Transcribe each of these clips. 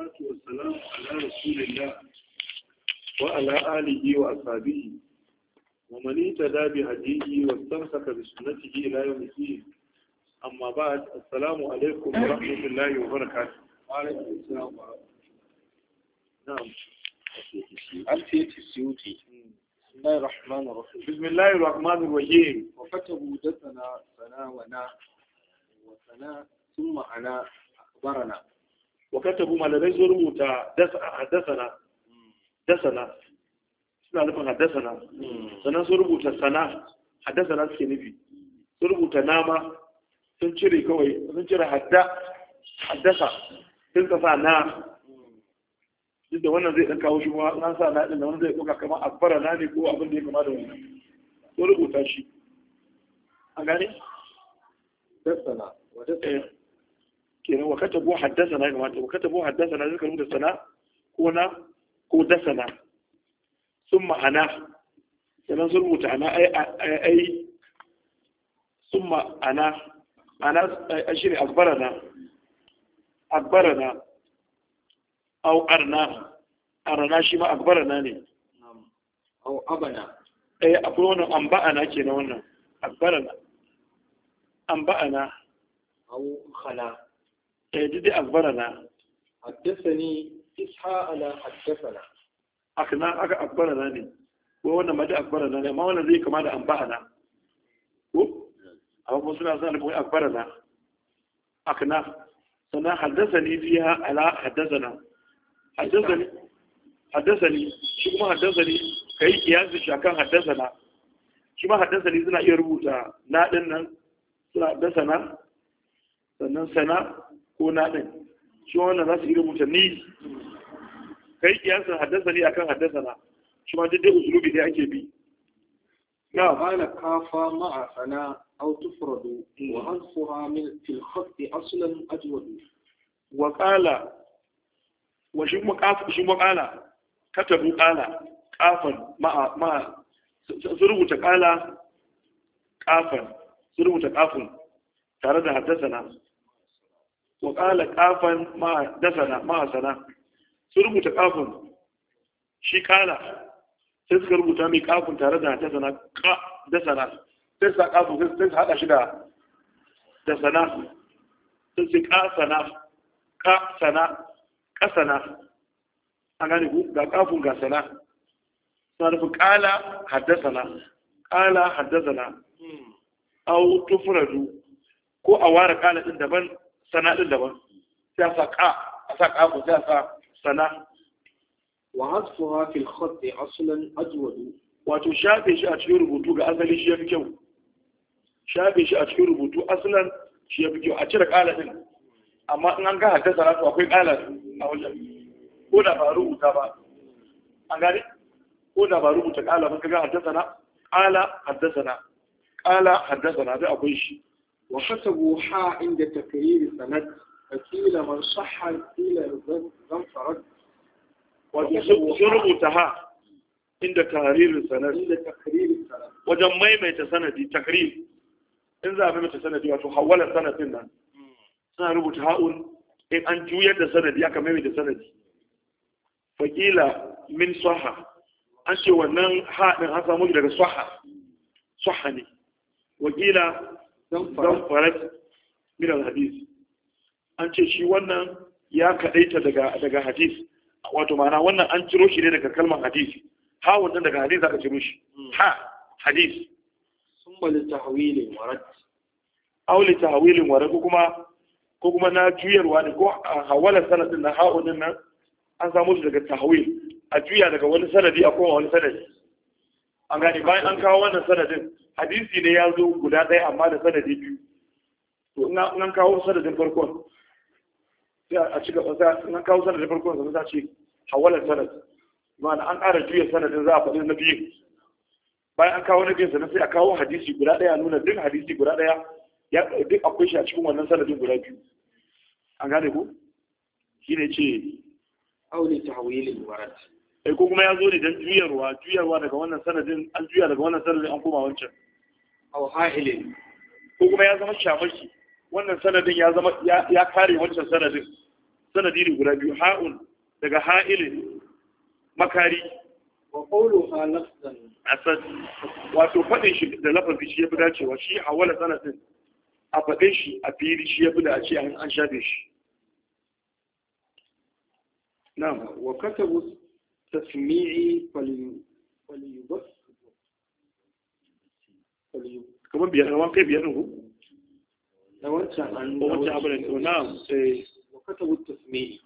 والسلام على رسول الله وعلى آله وأصحابه ومن اهتدى بهديه واستمسك بسنته إلى يوم الدين أما بعد السلام عليكم ورحمة الله وبركاته وعليكم السلام ورحمة الله نعم ألفية السيوطي بسم الله الرحمن الرحيم بسم الله الرحمن الرحيم وكتبوا دثنا ثناء ونا وثنا ثم أنا أخبرنا wa katabu malamai sun rubuta haddasana dasana suna nufin haddasana sannan sun rubuta sana haddasana suke nufi sun rubuta nama sun cire kawai sun cire hadda, haddasa sun ka na duk da wannan zai ɗan kawo shi kuma an sa na ɗin da wani zai ɗauka kamar abbara na ne ko abin da ya kama da wannan sun rubuta shi a gane? dasana wa dasana eh. kenan wa katabu haddasana ga mata wa katabu haddasana suka rubuta sana ko ko dasana sun ma'ana sannan sun rubuta ana ai sun ma'ana ana shi ne akbarana akbarana au arna arna shi ma akbarana ne au abana eh akwai wannan amba'ana kenan wannan akbarana amba'ana au khala eh didi akbarana haddathani isha ala haddathana akna aka akbarana ne ko wannan ma da akbarana ne amma wannan zai kama da ambahana ko amma kuma suna sa alfahari akbarana akna sannan haddasani fiha ala haddasana haddasani haddasani shi kuma kai kiyasi shi akan haddasana shi ma haddasani suna iya rubuta na nan suna haddasana sannan sana ko na ɗin shi wannan za su yi rubuta ni kai kiyasin haddasa ne akan haddasa na shi ma duk dai usulubi ne ake bi na ala kafa ma'a sana aw tufradu wa anfuha min fil khatti aslan ajwadu wa qala wa shi muqaf shi muqala katabu qala qafan ma'a ma'a su rubuta qala qafan su rubuta qafun tare da haddasa na wa ƙala ƙafan mahasana sun rubuta ƙafin shi ƙala sai suka rubuta mai ƙafin tare da dasana dasana sai sa kafu sai su haɗa shi da dasana sai su ƙasana ƙasana ƙasana an gane ku ga ƙafin ga sana suna nufin ƙala haddasana ƙala haddasana hmm. au tufradu ko a ware kala ɗin daban sana din daban sai a sa ka a sa ka ko sai a sa sana wa hasfuha fil khat aslan ajwad wato shafe shi a cikin rubutu ga asali shi yafi kyau shafe shi a cikin rubutu aslan shi yafi kyau a cire kala din amma in an ga haddasa na akwai kala a wajen ko da ba rubuta ba an gane ko da ba rubuta kala ba ga haddasa na kala haddasa na kala haddasa na da akwai shi وكتبوا حاء عند تكرير سند فقيل من صح قيل لم فرد وكتبوا ها inda tahririn sanad wajen maimaita sanadi takrir in za a maimaita sanadi wato hawala sanadin nan suna rubuta ha'un in an juyar da sanadi aka maimaita sanadi fakila min saha an ce wannan haɗin an samu daga saha ne wakila don farat min hadis an ce shi wannan ya kadaita daga daga hadis wato ma'ana wannan an ciro shi ne daga kalmar hadis ha wannan daga hadis ka ciro shi hmm. ha hadis summa li tahwilin warad aw li tahwilin warad ko kuma na juyarwa ne ko a hawala sanadin na ha'u din nan an samu shi daga tahwil a juya daga wani sanadi a kowa wani sanadi an gane bayan an kawo wannan sanadin hadisi ne ya zo guda ɗaya amma da sanadi biyu to nan kawo sanadin farkon sai a cika nan kawo sanadin farkon sai za ce hawalan sanad ma'ana an ƙara juya sanadin za a faɗi na biyu bayan an kawo na biyu sannan sai a kawo hadisi guda ɗaya nuna duk hadisi guda ɗaya ya duk akwai shi a cikin wannan sanadin guda biyu an gane ku shi ne ce aure ta hawilin warat eh, ko kuma ya zo ne don juyarwa juyarwa daga wannan sanadin an juya daga wannan sanadin an koma wancan aw ha'ilin ko kuma ya zama shamarci, wannan sanadin ya zama ya kare wancan sanadin sanadi ne guda biyu ha'un daga ha'ilin makari wa qawlu halaftan asad wato fadin shi da lafazi shi yafi dacewa shi a wala sanadin a fadin shi a fili shi yafi da a ce an shafe shi na'am wa katabu tasmi'i falyubat kamar biyar kamar kai biyar ku da wancan an da wancan abu eh. da na sai wakata wutasmi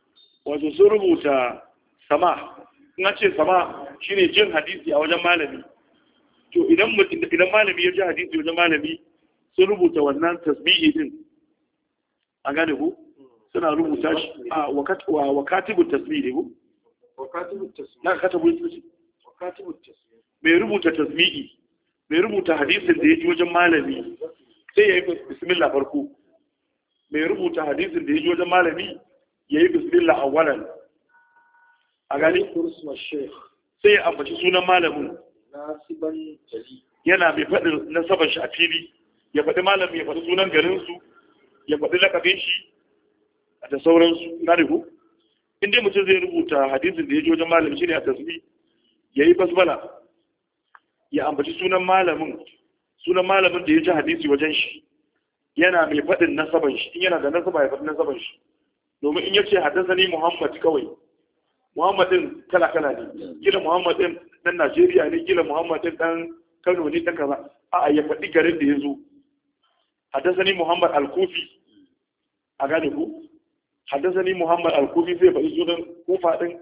wato sun rubuta sama in an ce sama shine jin hadisi a wajen malami to idan idan malami ya ji hadisi wajen malami sun rubuta wannan tasbihi din an gane ku suna rubuta shi a wakatibu tasbihi ne ku wakatibu tasbihi na katabu tasbihi mai rubuta tasbihi mai rubuta hadisin da ya ji wajen malami sai ya yi bismillah farko mai rubuta hadisin da ya ji wajen malami ya yi bismillah a wannan. a gani sai ya ambaci sunan malamin yana mai faɗin nasabar shi a fili ya faɗi malamin ya faɗi sunan garinsu ya faɗi lakabin shi da sauransu na rigo inda mutum zai rubuta hadisin da ya ji wajen malami shi ne a tasbi ya yi basbala ya ambaci sunan malamin sunan malamin da ya ji hadisi wajen shi yana mai faɗin nasaban shi in yana da nasaba ya faɗi nasaban shi domin in yace ni Muhammad kawai Muhammadin kala kala ne gila Muhammadin dan Najeriya ne gila Muhammadin dan Kano ne dan kaza a'a ya faɗi garin da ya zo ni Muhammad al-Kufi a gane ku ni Muhammad al-Kufi zai faɗi sunan Kufa din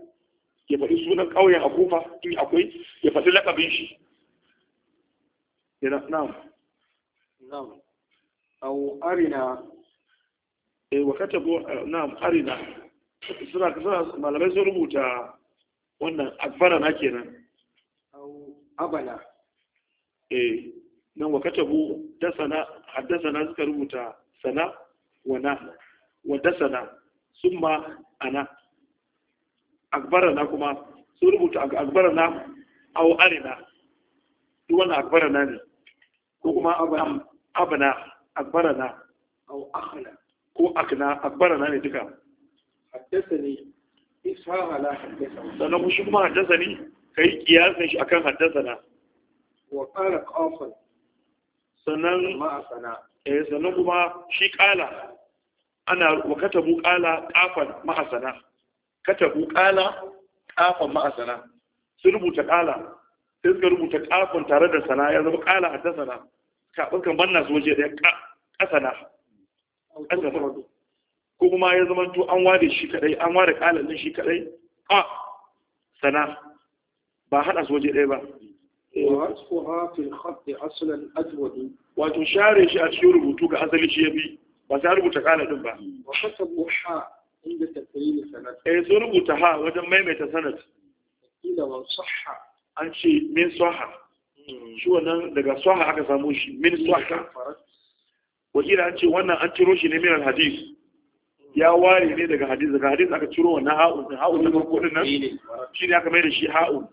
ya faɗi sunan ƙauyen a Kufa in akwai ya faɗi lakabin shi نعم نعم أو أرنا bu نعم أرنا suna suna malamai sun rubuta wannan afara na kenan au abana eh nan wa katabu dasana haddasana suka rubuta sana wa na wa da sana. summa ana akbara na kuma sun rubuta akbara na au arina duk wannan akbara na ne ko kuma abana akbarana au akhla ko akna ne duka haddathani ishaqa la haddathani sannan shi kuma haddathani kai kiyasin shi akan haddathana wa qala sannan eh kuma shi qala ana wa katabu qala qafan ma'asana katabu qala qafan ma'asana sun rubuta qala sai suka rubuta kafin tare da sana ya zama kala a tasana kafin kan banna su waje da ya kasana ko kuma ya zama to an ware shi kadai an ware kala din shi kadai a sana ba hada su waje ɗaya ba share shi a cikin rubutu ga اشير shi ya شيء ba بس rubuta kala din ba وحسب حاء عند تكرير سند اي rubuta ha wajen maimaita sanad ila wa sahha an ce min swaha shi wannan daga swaha aka samu shi min swaha wakila an ce wannan an ciro shi ne min alhadis ya ware ne daga hadis daga hadis aka ciro wannan ha'un din ha'un ne farko din nan shi ne aka mai da shi ha'un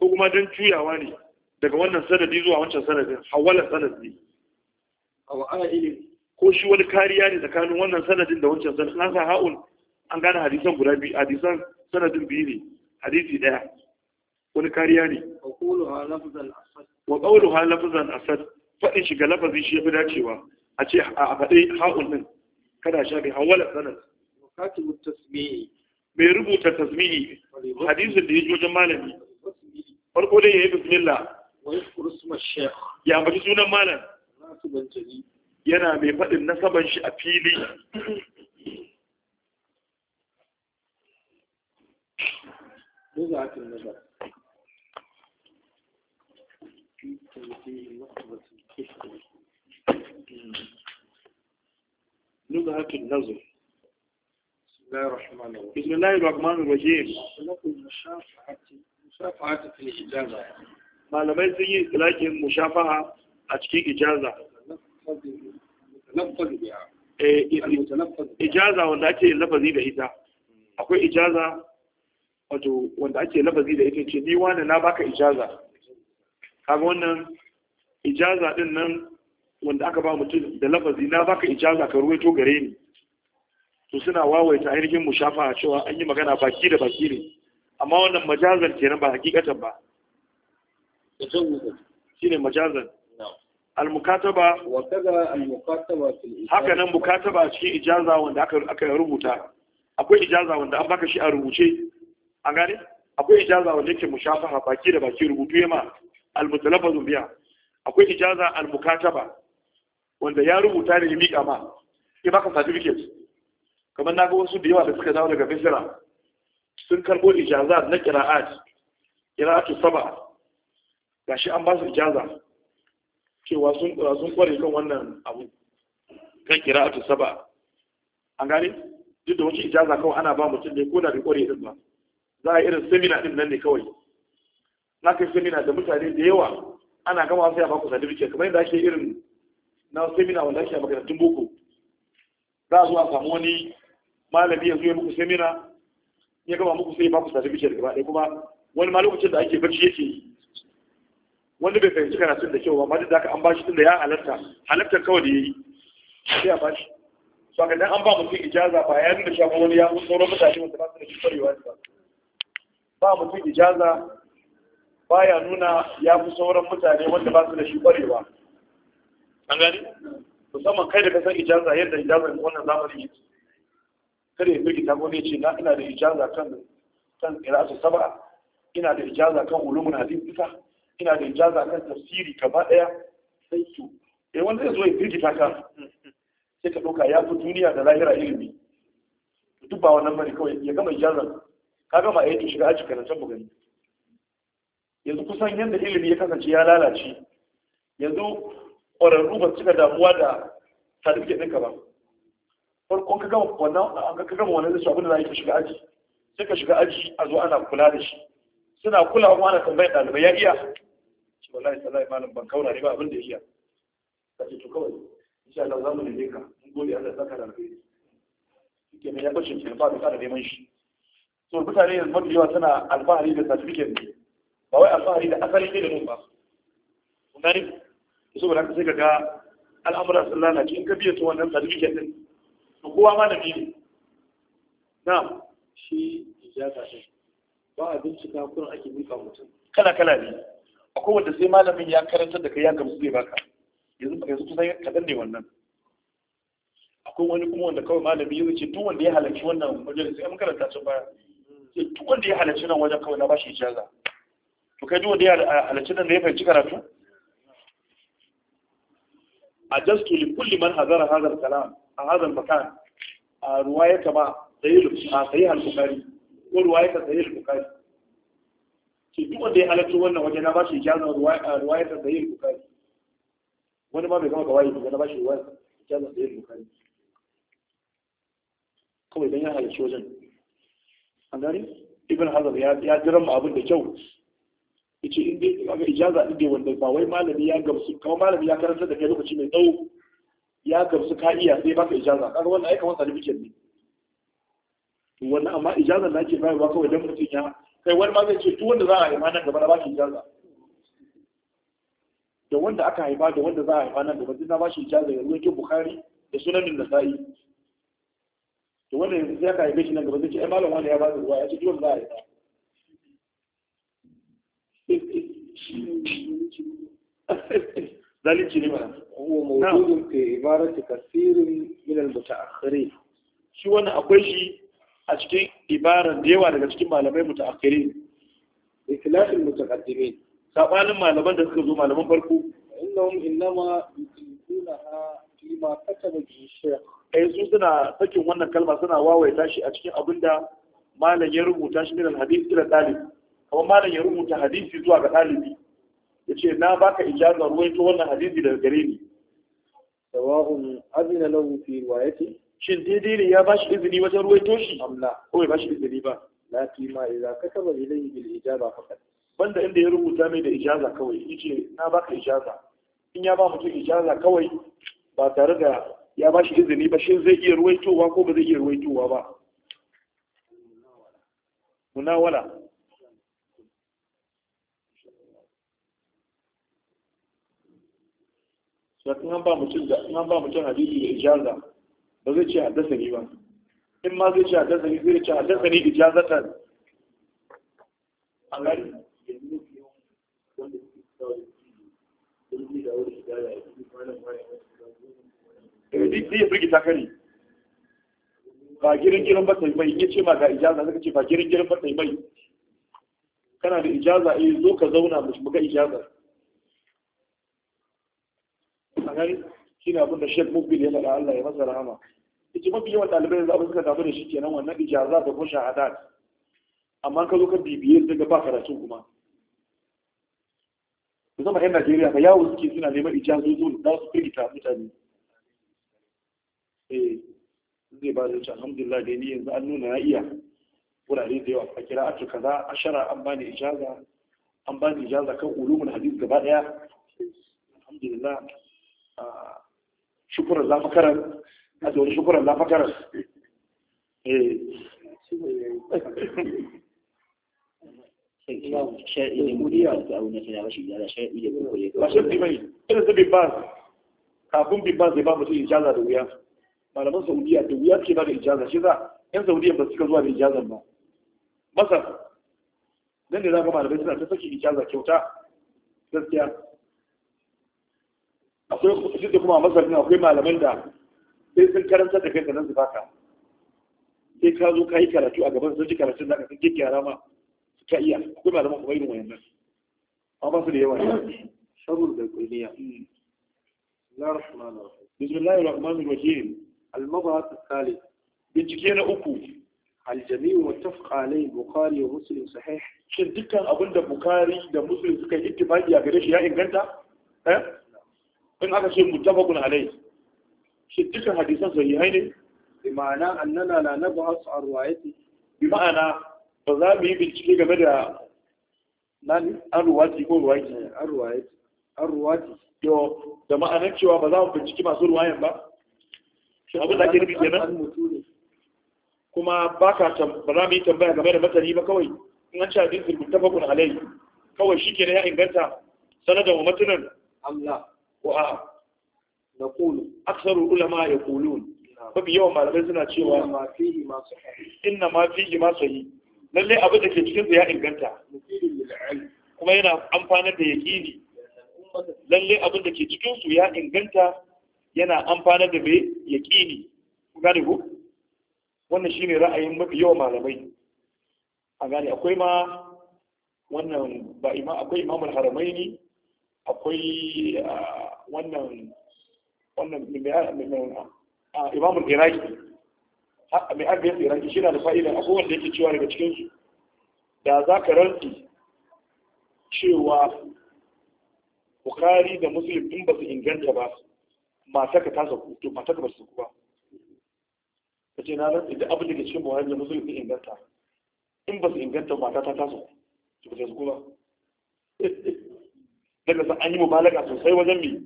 ko kuma don juyawa ne daga wannan sanadi zuwa wancan sanadin hawala sanadi aw a'ilin ko shi wani kariya ne tsakanin wannan sanadin da wancan sanadin an sa ha'un an gane hadisan guda biyu hadisan sanadin biyu ne hadisi daya wani kariya ne wa ƙaulu ha lafazan asad faɗin shiga lafazin shi ya fi dacewa a ce a faɗi ha'un nan kada shafi hawala sanar mai rubuta tasmihi hadisin da ya ji wajen malami farko dai ya yi bismillah ya mafi sunan malam yana mai faɗin nasaban shi a fili Who's acting in the نزهة النظر بسم الله الرحمن الرحيم بسم الله الرحمن الرحيم مشافعة في الإجازة ما لم يزي لكن مشافعة أتكي إجازة نفذ بها ijaza wanda ake lafazi da ita akwai ijaza wato wanda ake lafazi da ita ce ni wani na baka ijaza kaga wannan ijaza din nan wanda aka ba mutum da lafazi na baka ijaza ka ruwaito gare ni to suna wawaita ainihin mushafa cewa an yi magana baki da baki ne amma wannan majazan kenan ba hakikatan ba shine majazan al-mukataba wa kaza al-mukataba fil haka nan mukataba cikin ijaza wanda aka aka rubuta akwai ijaza wanda an baka shi a rubuce an gane akwai ijaza wanda yake mushafaha baki da baki rubutu yema al-mutalaffazu biha akwai ijaza al-mukataba wanda ya rubuta da ya miƙa ma ya baka certificate kamar na ga wasu da yawa da suka dawo daga fesira. sun karɓo ijaza na qira'at qira'atu saba gashi an ba su ijaza cewa sun sun kware kan wannan abu kan qira'atu saba an gane duk da wacce ijaza kawai ana ba mutum ne ko da bai kware din ba za a irin seminar din nan ne kawai na kai semina da mutane da yawa ana gama sai a baku certificate kamar yadda ake irin na semina wanda ake a makarantun boko za a zo a samu wani malami ya ya muku semina ya gama muku sai ya baku certificate gaba ɗaya kuma wani ma lokacin da ake barci yake yi wanda bai fahimci karatun da kyau ba amma duk da haka an bashi tunda ya halarta halartar kawai da ya yi sai a bashi to ga dan an ba mutum ijaza ba ya nuna shafa wani ya sauran mutane wanda ba su da shi kwarewa ba ba mutum ijaza baya nuna ya fi sauran mutane wanda ba su da shi kwarewa an gani musamman kai da ka ijaza yadda ijaza wannan zamani ne. kada ya firgita ko ne ce na ina da ijaza kan kan qira'atu sab'a ina da ijaza kan ulumul hadith duka ina da ijaza kan tafsiri gaba daya sai to eh wanda zai zo ya firgita ka sai ka ɗauka ya fi duniya da lahira ilimi duk ba wannan bane kawai ya gama ijaza ka gama ayyuka shiga aji kana mu gani yanzu kusan yadda ilimi ya kasance ya lalace yanzu ƙwararru ba cika damuwa da certificate ɗinka ba farkon ka gama wannan ka gama wannan zai abin da za ka shiga aji sai ka shiga aji a zo ana kula da shi suna kula kuma ana tambayar ɗalibai ya iya shi lai sallahi malam ban kauna ne ba abin da ya iya ce to kawai insha Allah za mu nemi ka mun gode Allah saka da alheri shike ne ya bace ke ba da neman shi to mutane yanzu mafi yawa tana alfahari da certificate ne ba wai alfahari da ne da ba kun gani su ba sai ka ga al'amuran sun lalace in ka biya wannan wannan certificate din to kowa ma da ne na shi ijaza ce ba a bincika kun ake mika mutum kala kala ne akwai wanda sai malamin ya karanta da kai ya gamsu zai baka yanzu yanzu kusan kadan ne wannan akwai wani kuma wanda kawai malami ya ce duk wanda ya halarci wannan wajen sai an karanta ta baya mm. duk wanda ya halarci nan wajen kawai na bashi ijaza to kai duk wanda ya halarci nan da ya fahimci karatu ajastu li kulli man hazara hadha al-kalam a hadha al-makan a ruwayata ma sahih a sahih al-bukhari ko ruwayata ta al-bukhari ki duk wanda ya halarci wannan waje na bashi ijaza ruwayata ta al-bukhari wani ma bai gama gawayi ba na bashi ruwayata ijaza sahih al-bukhari kawai don ya halarci wajen an gani ibn hazar ya jiran mu abin da kyau yace in dai kaga ijaza din dai wanda ba wai malami ya gamsu kuma malami ya karanta da kai lokaci mai tsawo ya gamsu ka iya sai baka ijaza kaga wannan aika wasa certificate ne to wannan amma ijaza da ake bayarwa kawai dan mutum ya kai wani ma zai ce duk wanda za a haifa nan gaba na baki ijaza da wanda aka haifa da wanda za a haifa nan gaba duk na bashi ijaza yanzu yake bukhari da sunanin nasa'i to wanda yanzu sai aka haife shi nan gaba zai ce ai malam wani ya ba da ruwa ya ce duk wanda za a haifa zalunci ne ba huwa mawjudun fi ibarati kasirin min al-mutaakhirin shi wannan akwai shi a cikin ibaran da yawa daga cikin malamai mutaakhirin ikhlaf al-mutaqaddimin sabanin malaman da suka zo malaman farko innahum innama yutilunaha fima kataba bi shaykh eh su suna sakin wannan kalma suna wawaita shi a cikin abinda malam ya rubuta shi min al-hadith ila talib kamar malam ya rubuta hadisi zuwa ga ɗalibi yace na baka ijaza ruwai to wannan hadisi daga gare ni sawa'un azina lahu fi riwayati shin daidai ne ya bashi izini wajen ruwai to shi amma ko bai bashi izini ba la fi ma idza kataba ilayhi bil ijaza faqat banda inda ya rubuta mai da ijaza kawai yace na baka ijaza in ya ba mutum ijaza kawai ba tare da ya bashi izini ba shin zai iya ruwaitowa ko ba zai iya ruwaitowa ba munawala da in an ba mutum da hadisi da ijaza ba zai ce haddasa ni ba in ma zai ce haddasa ni zai ce haddasa ni ijazatan an gani eh, duk zai birgita ka ne ba girin girin ba sai mai yace ma ga ijaza zaka ce ba girin girin ba ta yi mai kana da ijaza eh zo ka zauna mu ga ijaza wannan gani shi ne abin da shek mubin ya faɗa Allah ya masa rahama ita mafi yawan ɗalibai yanzu abin suka damu da shi kenan wannan ijaza da kuma shahadat amma ka zo ka bibiye daga ba karatun kuma musamman 'yan Najeriya ba yawo suke suna neman zuwa za su firgita mutane eh zai ba da alhamdulillah da ni yanzu an nuna na iya wurare da yawa a kira atu kaza ashara an bani ijaza an bani ijaza kan ulumul hadis gaba daya alhamdulillah shukuran lafakaran a da wani shukuran lafakaran eh. kafin bin ba zai ba mutum ijaza da wuya malaman saudiya da wuya ke ba da ijaza shi za yan saudiya ba suka zuwa da ijazan ba masar nan da za ga malamai suna ta saki ijaza kyauta gaskiya akwai duk da kuma a masar akwai malaman da sai sun karanta da kai sannan su baka sai ka zo ka yi karatu a gaban soji karatun da aka sun gyara ma ka iya akwai malaman kuma irin wayannan amma su da yawa ne sharur da kuliya bismillahir rahmanir rahim al-mabahat al-thalith bincike na uku الجميع متفق عليه البخاري ومسلم صحيح shin dukkan abin da bukari da muslim suka yi ittifaqi a gare shi ya inganta eh in aka ce muttafaqun alai shi dukkan hadisan sahihai ne bi ma'ana annana la nabhas an ruwayati bi ma'ana ba za mu yi bincike game da nani an ruwati ko eh, ruwayati an ruwayati an ruwati to da ma'anar cewa ba za mu bincike masu ruwayan ba shi abin da ake nufi kenan kuma ba ka ba za mu yi tambaya game da matani ba kawai in an ci hadisin muttafaqun alai kawai shi ke ya inganta sanadin wa matanan amla wa naqulu aktharu ulama yaqulun mafi yawan malamai suna cewa inna ma fihi ma sahih lalle abin da ke cikin ya inganta kuma yana amfanar da yaqini lalle abin da ke cikin ya inganta yana amfanar da mai yaqini ku gane ku wannan ra'ayin mafi yawan malamai a gane akwai ma wannan ba akwai wannan wannan imamul iraki mai arbiyar iraki shi na da fa'idan a kowanne yake cewa daga cikinsu da za ka rantsi cewa bukari da musulun in ba su inganta ba mata ka tasa ku to mata ka basu su ku ba ka ce na rantsi da abin da ke cikin bukari da musulun sun inganta in ba su inganta mata ta tasa ku to ba su ku ba daga sa an yi mubalaga sosai wajen mai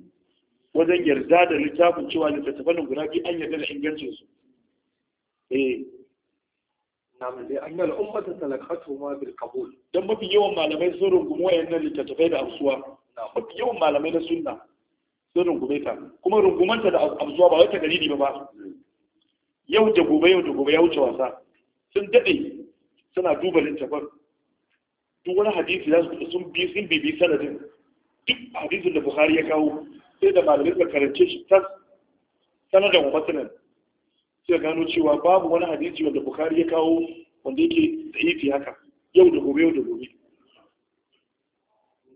wajen yarda da littafin cewa littattafan guda biyu an yarda da ingancin su eh nam da annal ummata talakatu ma bil qabul dan mafi yawan malamai sun rungumi wayannan littattafai da amsuwa mafi yawan malamai na sunna sun rungume ta kuma rungumanta da amsuwa ba wai ta dalili ba ba yau da gobe yau da gobe ya wuce wasa sun daɗe suna duba littafin duk wani hadisi za su sun bi sun bibi sanadin duk hadisin da Bukhari ya kawo sai da malamai suka karance shi tas sanadin musulun sai gano cewa babu wani hadisi wanda bukari ya kawo wanda yake zaifi haka yau da gobe yau da gobe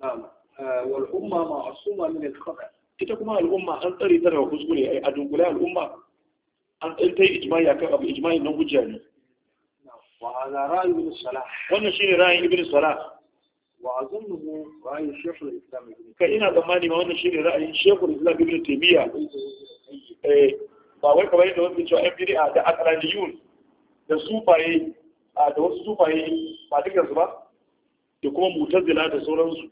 eh, wal umma ma'asuma min al-khata ita kuma al'umma an tsare ta daga kuskure ai a dunkule al'umma an tsare ta ijma'i akan abu ijma'i nan hujja ne wa hadha ra'yu ibn salah wannan shine ra'ayin ibn salah wa azunnuhu ra'ayin shekul islam kai ina tsammani ma wannan shine ra'ayin shekul islam ibn taymiya eh ba wai kamar yadda wasu cewa a da aqlaniyun da sufaye da wasu sufaye ba dukkan su ba da kuma mutazila da sauransu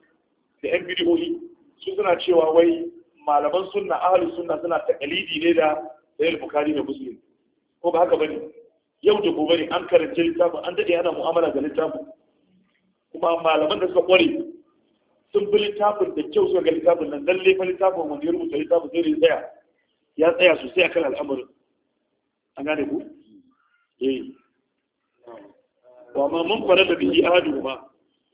da yan bid'o'i su suna cewa wai malaman sunna ahlus sunna suna takalidi ne da sayar bukari da muslim ko ba haka bane yau da gobe ne an karanta littafin an dade ana mu'amala ga littafin kuma malaman da suka kware sun bi littafin da kyau suka ga littafin nan lalle fa littafin wanda ya rubuta littafin sai ya tsaya ya tsaya sosai akan al'amarin an gane ku eh wa ma mun fara da bihi ahadu ma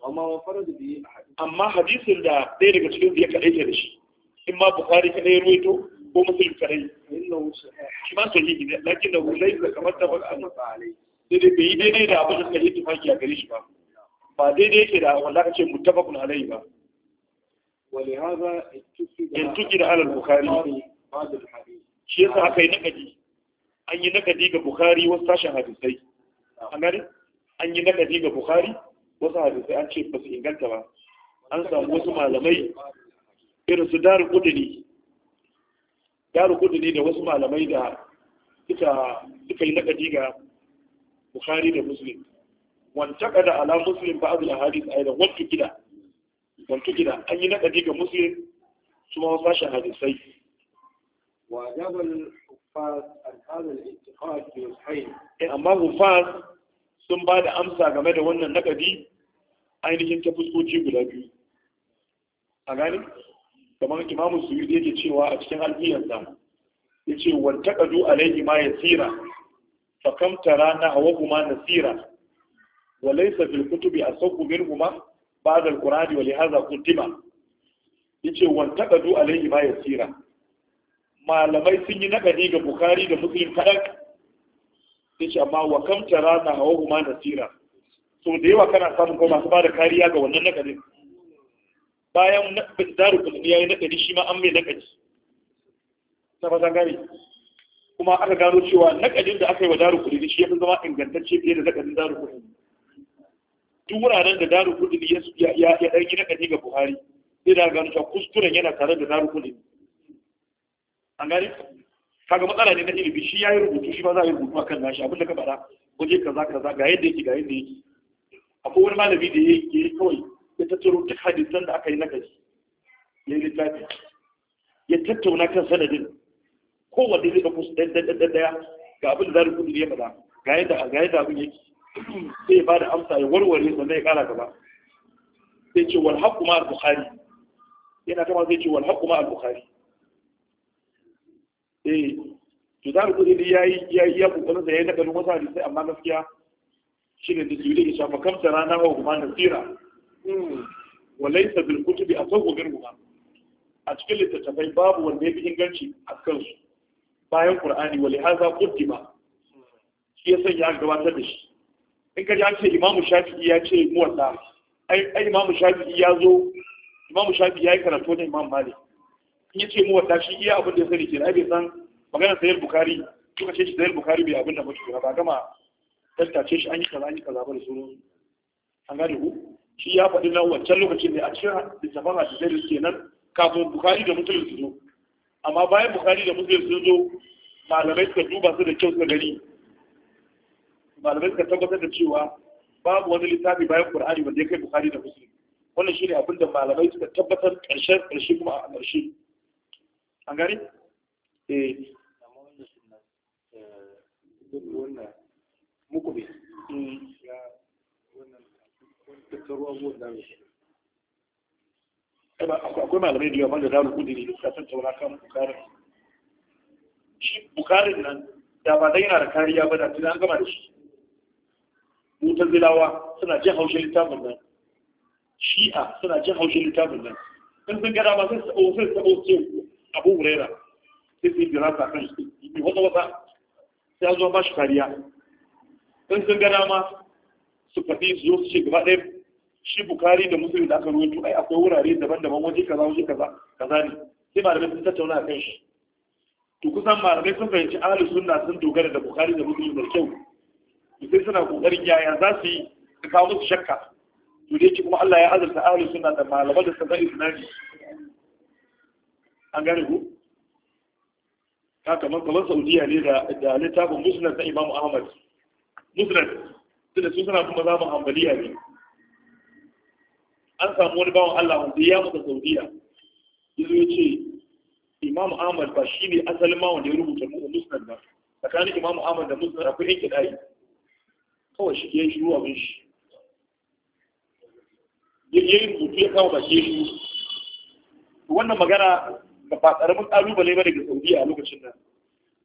amma mun fara da bihi ahadu amma hadisin da dai daga cikin ya kadai ta da shi in ma bukhari ka dai ruwaito ko muslim kadai innahu shi ma sahihi ne lakin da da kamar da ba sai dai bai daidai da abin da suka yi tufaki a gare shi ba ba daidai yake da wanda aka ce muttafaqun alayhi ba ولهذا انتقد على البخاري بعض shi yasa aka yi nakadi an yi nakadi ga bukhari wasu tashin hadisai an gani an yi nakadi ga bukhari wasu hadisai an ce ba su inganta ba an samu wasu malamai irin su daru kudini daru kudini da wasu malamai da suka yi nakadi ga bukhari da muslim وانتقد على مسلم بعض الاحاديث ايضا gida an yi ينقد ga muslim ثم وصاش حديثي وأجاب الحفاظ عن هذا الانتقاد في الحين eh, Amma الحفاظ sun ba da amsa game da wannan nakadi ainihin ta fuskoci guda biyu a gani kamar imamu suyu yake cewa a cikin alfiyarsa ya ce wata kadu alaihi ma ya tsira fakamtara na hawa na tsira wa في الكتب kutubi asaqu minhuma ba'da al-qur'ani wa lihaza quddima yace wan ما alayhi ma yasira malamai sun yi nakadi ga bukhari da muslim kadan yace amma wa kam hawa huma nasira so da yawa kana samun ko masu bada kariya ga wannan nakadin bayan daru kudin yayi nakadi shi ma an mai gani kuma aka gano cewa nakadin da aka yi wa daru kudi shi ya zama ingantacce fiye da nakadin daru kudi duk wuraren da daru kudin ya ya ya dan gina ga Buhari sai da gano cewa kuskuren yana tare da daru kudin an gane kaga matsala ne na ilimi shi yayi rubutu shi ba za a yi rubutu akan nashi abin da ka faɗa waje kaza kaza ga yadda yake ga yadda yake akwai wani malami da ya yi kawai ya tattaro duk hadisan da aka yi na gaji ya yi littafi ya tattauna kan sanadin kowanne zai ɗauko ɗaya ga abin da za kudin ya faɗa ga yadda abin yake sai ba da amsa ya warware sannan zai kara gaba sai ce wal haqqu ma al-bukhari yana kama zai ce wal haqqu ma al-bukhari eh to da ku dai yayi yayi ya kokarin sa yayi da kalmar sa sai amma gaskiya shine da zuwa ya shafa kamta rana wa kuma nasira walaysa bil kutubi asawwa garbuha a cikin littattafai babu wanda ya fi inganci a kansu bayan qur'ani wali hadha qutima shi ya sanya gabatar da shi in ka ji an ce imamu shafi'i ya ce muwatta ai imamu shafi'i ya zo imamu shafi'i ya yi karatu wajen imam malik in ya ce muwatta shi iya abin da ya sani kenan ai bai san magana sayar bukari suka ce shi sayar bukari bai abin da ba ba gama tattace shi an yi kaza an yi kaza ba da sauran an gane ku shi ya faɗi na wancan lokacin ne a cikin littafin a cikin ke nan kafin bukari da musulun su zo amma bayan bukari da musulun sun zo malamai suka duba su da kyau suka gani malamai suka tabbatar da cewa babu wani littafi bayan Qur'ani wanda ya kai Bukhari da Muslim wannan shine abin da malamai suka tabbatar ƙarshen ƙarshe kuma a ƙarshe an gani eh wannan muku bi ya wannan tattaro abubuwan da shi akwai malamai da yawa da zaru kudiri da suka tattauna kan bukarin shi bukarin nan da ba dai yana da kariya ba da tun an gama da shi mutazilawa suna jin haushe littafin nan shi'a suna jin haushe littafin nan in sun gada ba sai sabo sai sabo ce abu wurera sai sai jira ta kan shi yi wata wata sai a zo ba shi kariya in sun gada ma su fadi su zo su ce gaba ɗaya shi bukari da musulmi da aka rubutu ai akwai wurare daban-daban waje kaza waje kaza kaza ne sai malamai sun tattauna a kan shi to kusan malamai sun fahimci ahli sunna sun dogara da bukari da musulmi da kyau to sai suna kokarin yaya za su yi su kawo musu shakka to dai ki kuma Allah ya azurta ahli sunna da malama da sabai sunani an gane ku ka kamar kamar Saudiya ne da da littafin Musnad na Imam Ahmad Musnad tunda su suna kuma zaman ambaliya ne an samu wani bawan Allah wanda ya mutu Saudiya yanzu ya ce Imam Ahmad ba shi ne asalin ma wanda ya rubuta Musnad ba tsakanin Imam Ahmad da Musnad akwai yanke ɗaya kawai shi ya yi shiru abin shi ya yi rubutu ya kawo baki ya shiru wannan magana da ba ƙaramin ƙalubale ba daga saudiya a lokacin nan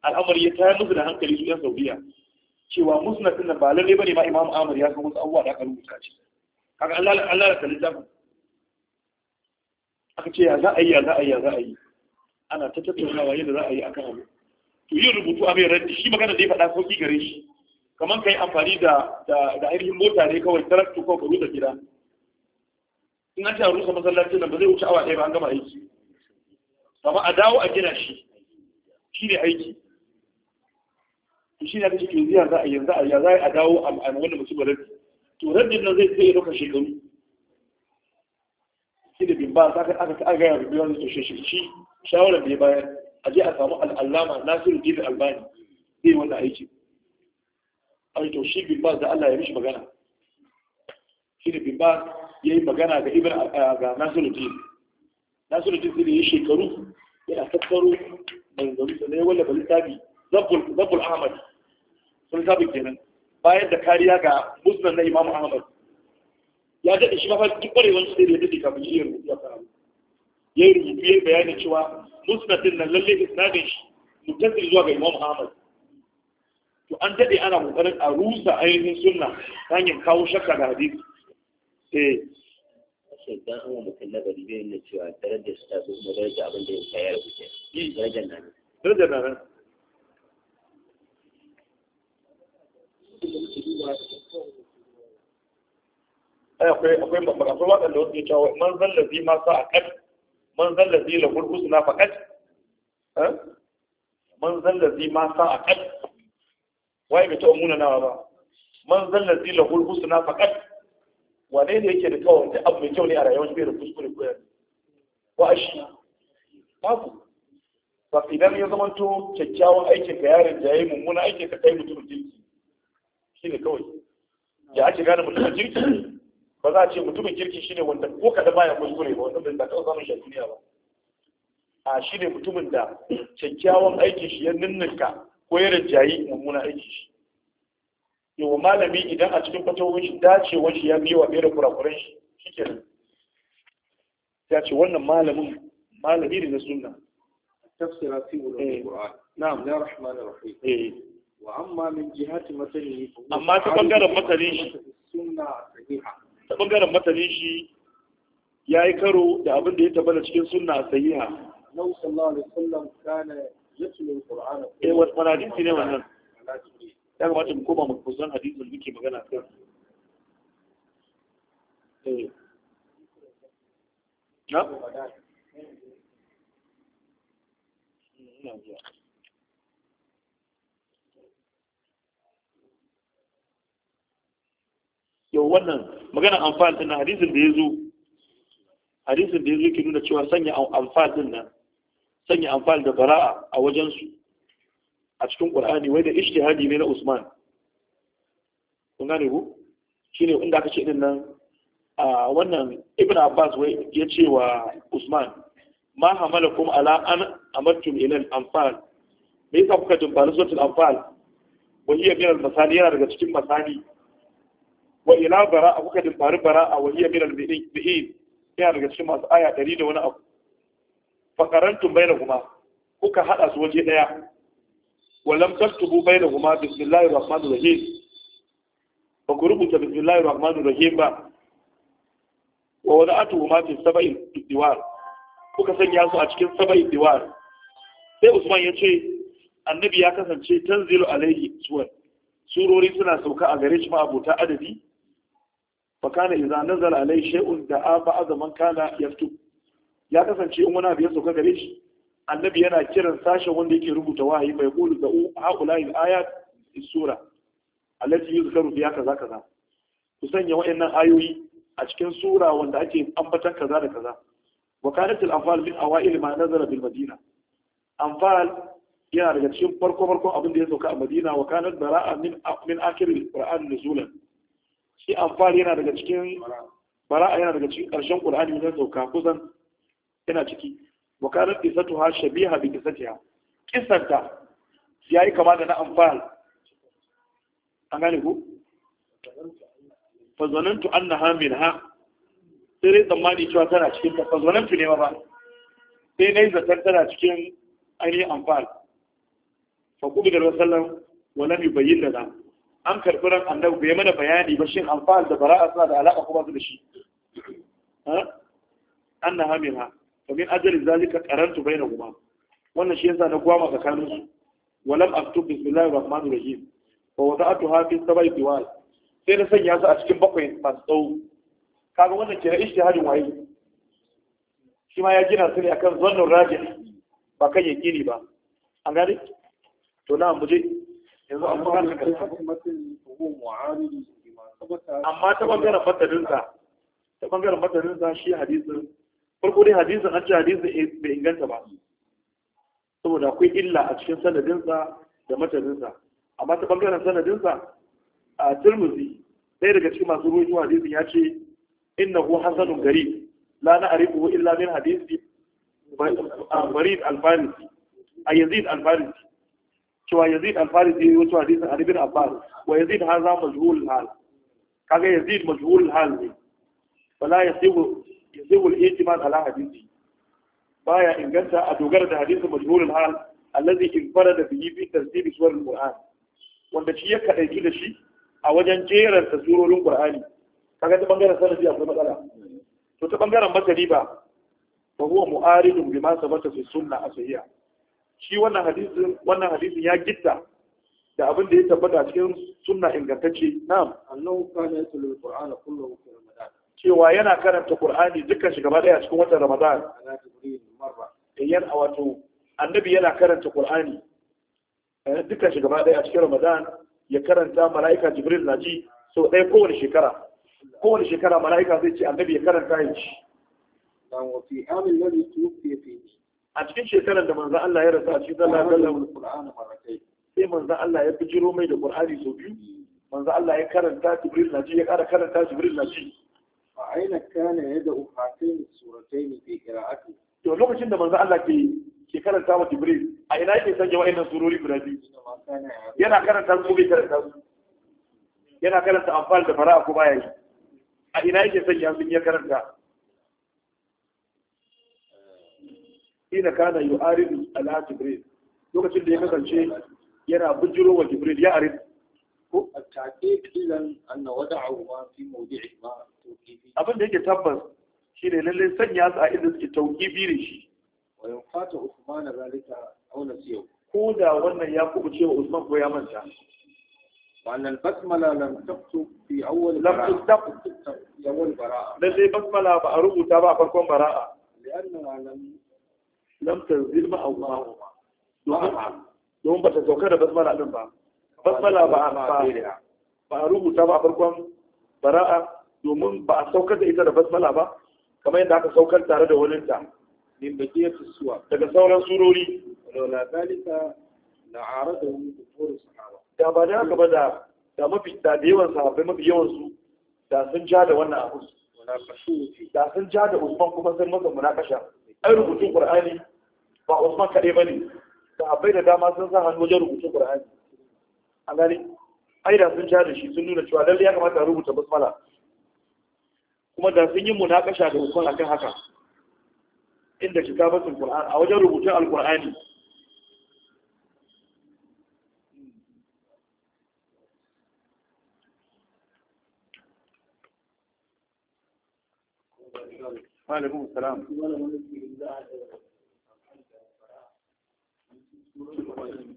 al'amari ya tayar musu da hankali su yan saudiya cewa musnad din ba lalle ne ma imam Amur ya san wasu abubuwa da aka rubuta ce. kaga Allah Allah da littafin aka ce ya za a yi ya za a yi ya za a yi ana ta tattaunawa yadda za a yi akan abu to yin rubutu a mai raddi shi magana da ya faɗa sauki gare shi kamar ka yi amfani da ainihin mota ne kawai taraktu ko ka rusa gida in an ta rusa masallacin nan ba zai wuce awa ɗaya ba an gama aiki amma a dawo a gina shi shi ne aiki shi ne ta yanzu ya za a yanzu a za a dawo a wanda mutum rabi to rabin nan zai zai ɗaukar shekaru shi da Bimba za ka aka aka gaya rabin da to shi shi shawarar da ya bayar a je a samu al'allama nasiru dini albani zai wannan aiki ai to shi bin da Allah ya mishi magana shi ne bin ya yi magana ga ibn ga Nasiruddin Nasiruddin sai yi shekaru yana tattaro da sannan wala wallafa zabul zabul Ahmad sun littafin kenan bayan da kariya ga musnad na Imam Ahmad ya daɗe shi mafa duk ƙwarewar shi sai da ya daɗe kafin ya rubuta ya ya yi rubutu ya yi bayanin cewa musnadin nan lalle isnadin shi mutasil zuwa ga Imam Ahmad to an daɗe ana ƙoƙarin a rusa ainihin sunna ta hanyar kawo shakka da hadisi eh dan an mutum na gari zai nuna cewa darajar su ta zo kuma darajar abin da ya sa ya rubuce darajar na nan darajar na nan ai akwai akwai akwai waɗanda wasu ke cewa man zallazi ma sa a kad man zallazi la gurgusu na fakat man zallazi ma sa a kad waye bai taɓa nawa ba man zalla zila hulhusu na faƙat wane ne yake da kawai da abu mai kyau ne a rayuwar bai da kuskure ko yanzu wa ashi babu ba idan ya zama to kyakkyawan aikin ka yarin jaye mummuna aikin ka kai mutumin kirki shi ne kawai ya ake gane mutumin kirki ba za a ce mutumin shi shine wanda ko kada baya kuskure ba wanda ba taɓa samun shi a duniya ba a shi ne mutumin da kyakkyawan aikin shi ya ninninka ko jayi, rinjayi muna aiki shi Yau, malami idan a cikin fatawun shi dacewar shi ya biyo a ɗaya kurakuran shi shi ke ya ce wannan malamin malami ne na sunna tafsira fi rahim amma ta bangaren shi ya sahiha yayi karo da abin da ya tabbata cikin sunna sahiha Nabi sallallahu da sallam kana eh wani hadisi ne wannan ya kamata mu koma mu kusan hadisin da muke magana kan eh na yau wannan magana amfani din hadisin da ya zo hadisin da ya zo ke nuna cewa sanya amfani din nan sanya amfani da bara'a a wajensu a cikin ƙur'ani wai da ishtihadi ne na usman kun gane ku ne inda aka ce ɗin nan a wannan ibn abbas wai ya ce wa usman ma kuma ala an amartum ila al amfani? me yasa kuka jin suratul anfal amfani? hiya iya al-masali yana daga cikin masali wa ila bara'a kuka tumbali bara'a a hiya iya al-bi'in yana daga cikin masu aya ɗari da wani abu fakarantun kuma, kuka hada su waje daya walam taktubu kuma, bismillahir rahmanir rahim ba ku rubuta bismillahir rahmanir rahim ba wa wada'atuhuma fi sab'in diwar kuka sanya su a cikin sab'in diwar sai Usman ya ce annabi ya kasance tanzilu alaihi suwar surori suna sauka a gare shi ma abota adadi fa kana idza nazala alaihi shay'un da'a fa azaman kana yaftub ya kasance in wani abu ya sauka gare shi annabi yana kiran sashen wanda yake rubuta wahayi mai qulu da haula'i ayat sura allati yuzkaru fiha kaza kaza ku sanya wa'annan ayoyi a cikin sura wanda ake ambatan kaza da kaza wa kanat al-anfal min awail ma nazala bil madina anfal yana daga cikin farko farkon abin da ya sauka a madina wa kanat bara'a min min akhir al-qur'an nuzulan shi anfal yana daga cikin bara'a yana daga cikin karshen qur'ani da sauka kusan yana ciki wa kanat ha shabiha bi qisatiha Ya yayi kama da na anfal an gane ku Fazanantu zanantu annaha minha sai tsammani cewa tana cikin ta fa zanantu ne ba sai nayi zaton tana cikin ainihin anfal fa kuma da sallallahu walam yubayyin lana an karɓi ran annabi bai mana bayani ba shin anfal da bara'a suna da alaƙa kuma su da shi ha annaha minha fa min ajli zalika qarantu bainahuma wannan shi yasa na gwama tsakanin su walam aktub bismillahir rahmanir rahim wa wada'tu hafi sabai diwal sai na sanya su a cikin bakwai masu tsawo kaga wannan ke na ishtihadin waye shi ma ya gina su ne akan zannin rajin ba kan yakini ba an gani? to na muje yanzu an fara amma ta bangaren matsalinsa ta bangaren matsalinsa shi hadisin farko dai hadisin an ce hadisin eh, bai inganta ba saboda akwai illa a cikin sanadinsa da mataninsa amma ta bangaren sanadinsa a turmuzi ɗaya daga cikin masu ruwa hadisin ya ce inna hu hasanun gari la na a arifuhu illa min hadisi marid alfarisi a yazid alfarisi cewa yazid alfarisi ya yi wato hadisin alibin abbas wa yazid haza majhul hal kaga yazid majhul hal ne fala yasibu yasihul ijmal ala hadisi baya inganta a dogara da hadisin majhulul hal allazi infara da bihi fi tartibi suwar alquran wanda shi ya kadaici da shi a wajen jeran tasurorin qur'ani kaga ta bangaren sanadi akwai matsala to ta bangaren matali ba fa huwa mu'aridun bima sabata fi sunna asahiya shi wannan hadisin wannan hadisin ya gitta da abin da ya tabbata cikin sunna ingantacce na'am annahu kana yatlu alqur'ana kullahu cewa yana karanta Qur'ani dukkan shi gaba daya cikin watan Ramadan yan wato annabi yana karanta Qur'ani eh, dukkan shi gaba daya cikin Ramadan ya karanta mala'ika Jibril na ji so ɗaya kowane shekara kowane shekara mala'ika zai ce annabi ya karanta yin shi a cikin shekarar da manzo Allah ya rasa a cikin Allah ya Qur'ani sai manzo Allah ya bijiro mai da Qur'ani sau biyu manzo Allah ya karanta Jibril na ji ya ƙara karanta Jibril na ji fa aina lokacin da Allah ke karanta wa a ina yake sanya wa'annan yana karanta yana karanta da yi a ina yake sanya ya karanta ina kana yu'aridu ala Jibril lokacin da ya kasance yana bujiro wa Jibril ya aridu ko abin da yake tabbas shine lallai sanya su a inda suke tawqifi ne shi ko da wannan ya kuɓu cewa usman ko ya manta وأن البسملة لم تكتب في أول براءة لم تكتب في أول براءة لذي بسملة بأروه تابع فرقون براءة لأنها لم لم تنزل مع الله دوم بتتوكل بسملة fasala ba a ba a rubuta ba a farkon bara'a domin ba a saukar da ita da fasala ba kamar yadda aka saukar tare da walinta min ya suwa daga sauran surori lola zalika na da wani kufurin sahaba da ba da haka ba da da mafi da da yawan sahabai mafi yawan su da sun ja da wannan abu da sun ja da usman kuma sun masa munakasha ai rubutun qur'ani ba usman kaɗai ba ne sahabbai da dama sun sa hannu wajen rubutun qur'ani a gani Aida sun ja da shi sun nuna cewa lalle ya kamata a rubuta basmala kuma da sun yi munakasha da hukun akan haka inda shi ta kitabatul qur'an a wajen rubutun alqur'ani وعليكم السلام Thank you.